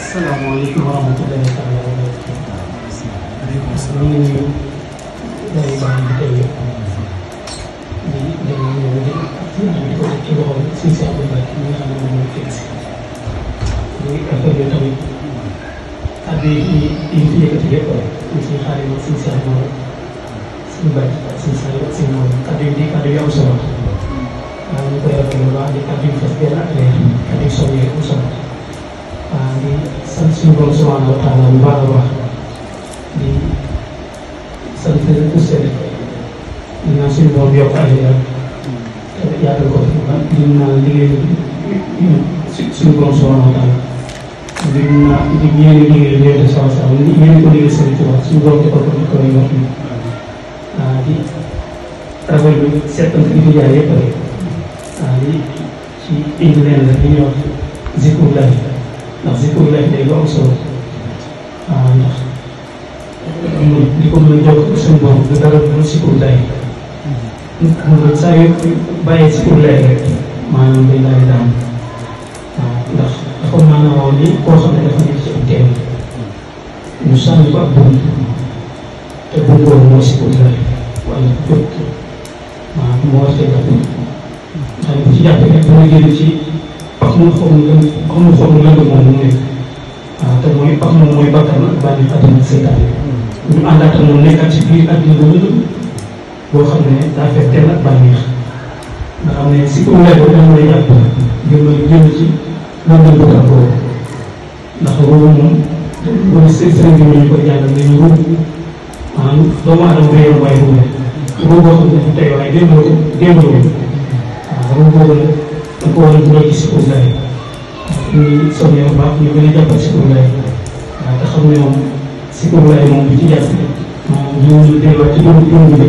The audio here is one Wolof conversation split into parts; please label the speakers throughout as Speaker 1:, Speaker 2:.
Speaker 1: 素のもう肉が求めらたらやなとそういう内面で日本本いははうでにこに a n t a mga n k a l a i k o u s suñu borom subhanahu wa taala bu baax a baax di sant ustaz di naan suñu borom yokk ay yaram te yaatal ko di naan liggéey suñu borom subhanahu wa taala di naan di ñeene liggéey ñeene sama sama ñeene ko liggéey sëriñ Tuubaa suñu borom defal ko ko ñu wax di rafetlu seetante di fi jaar yëpp rek di ci indi leen la li ñuy wax zikrullah ndax zikru laay day lu am solo waaw ndax li ko mën a jox suñu borom du dara du zikru laay man saa yu bàyyi zikru laay rek maanaam day daan waaw ndax dafa maanaam woon ni koo xam ne dafa nekk ci ab teen ñu sànni ko ab bunt te bunt boobu mooy zikru laay wala jot waaw moo a teg ab bunt ndax bu ci amul xolu lënd amul xolu lënd moom mu nekk waaw ah, te mooy pax moom mooy bakkan ak bànneex àddina seytaane hmm. ñu àndaat ak moom nekkat ci biir àddina bu lënd boo xam ne daa fekk teel ak bànneex nga xam ne si kaw lay dama lay jàpp jëm jëm ci lëndëm bu tàkk boobu ndax loolu moom loolu sëriñ bi ñu koy jàngal nañu ruub maanaam doomu aadama day yor waaye bu ne ruub boo xam ne tey waaye démb démb waaw ruub boobu Pukul mulai sekolah Ni somi yang bak ni boleh dapat sekolah Ada kamu yang sekolah yang bijak Yang dia buat yang pun dia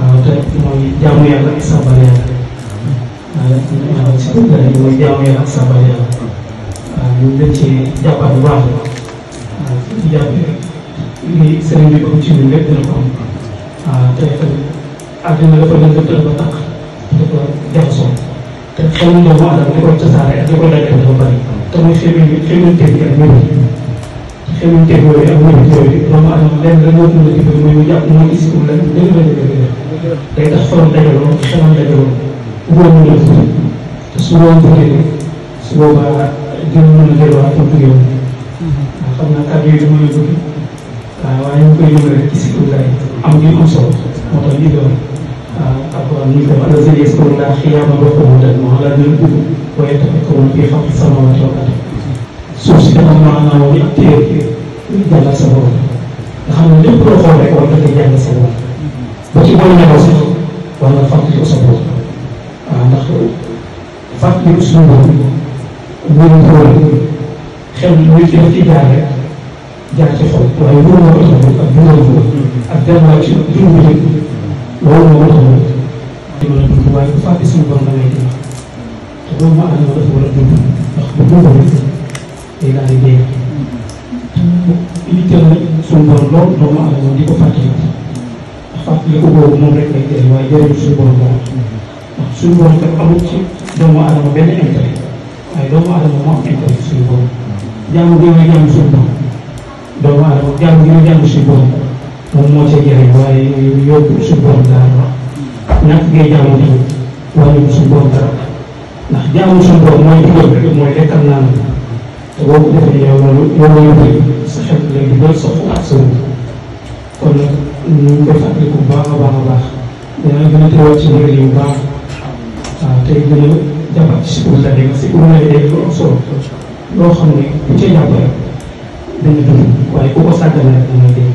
Speaker 1: Dan mulai jamu yang tak sabar ya Sekolah yang mulai jamu yang tak sabar ya Mungkin cik dapat dua. Tidak ah, Ini sering dikunci dulu Tidak Tidak Ada yang terdapat terbatak xel doomu aadama li koy tasaare ak li koy dajale dafa bari te muy xeetu xeetu bi ak mbir xeetu teeg yooyu ak mbir yooyu doomu aadama lenn rek moo mën a jublu muy mu jàpp mooy isi wu la dëgg la dëgg la day tax xolam dajaloo xelam dajaloo ubboon mu def te su boobu jotee su boobaa dina mën a delluwaat pour dugg yoon xam naa kàddu yi dama la dugg waaw waaye ñu koy yëngu rek isi wu laay am li am solo moo tax ñu doon waaw ومنكم الذين يذكرون قياما وقعودا وعلى جنوبهم ويتفكرون في خلق السماوات والارض suuf si dafa maanaam nit téer jàngal sa borom nga xam ne lépp loo xool rek war nga koy jàngal sa borom ba ci booy nelaw sax war nga fàttaliku sa borom waaw ndax fàttaliku suñu borom wóorul wóorul xel ñu ci def ci jaar rek jaar ci xol waaye wóor na ko taxawul ak juróom ak benn ci juróom loolu moo taxawul dama la dund waaye bu fàtte suñu borom da ngay dund te doomu aadama dafa war a dund ndax bu dundul day daal di dee li teel na suñu borom lool doomu aadama di ko fàtte ndax fàtte ko boobu moom rek lay jëriñ waaye jëriñu suñu borom lool ndax suñu borom kat amul ci doomu aadama benn intérêt waaye doomu aadama moo am intérêt suñu borom jaamu gi nga jaamu suñu borom doomu aadama jaamu gi nga jaamu suñu borom moom moo cee jëriñ waaye yóbbu suñu borom daal ñàkk ngay jaamu di wàññi suñu borom dara ndax jaamu suñu borom mooy digal mooy lekk naan te boo ko defee yow loolu loolu la ñu sa xel léegi doy sa xalaat sa kon nag ñu ngi koy fàttaliku baax a baax a baax dina gën a teewaat ci ndigal yu baax waaw tey gën a jàppaat ci suñu la dégg si pour nga dégg lu am solo loo xam ne bu ca jàppale dana dund waaye ku ko sàggal nag dana dégg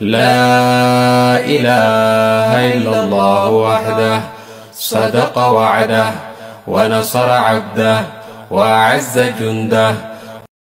Speaker 1: لا إله إلا الله وحده صدق وعده ونصر عبده وأعز جنده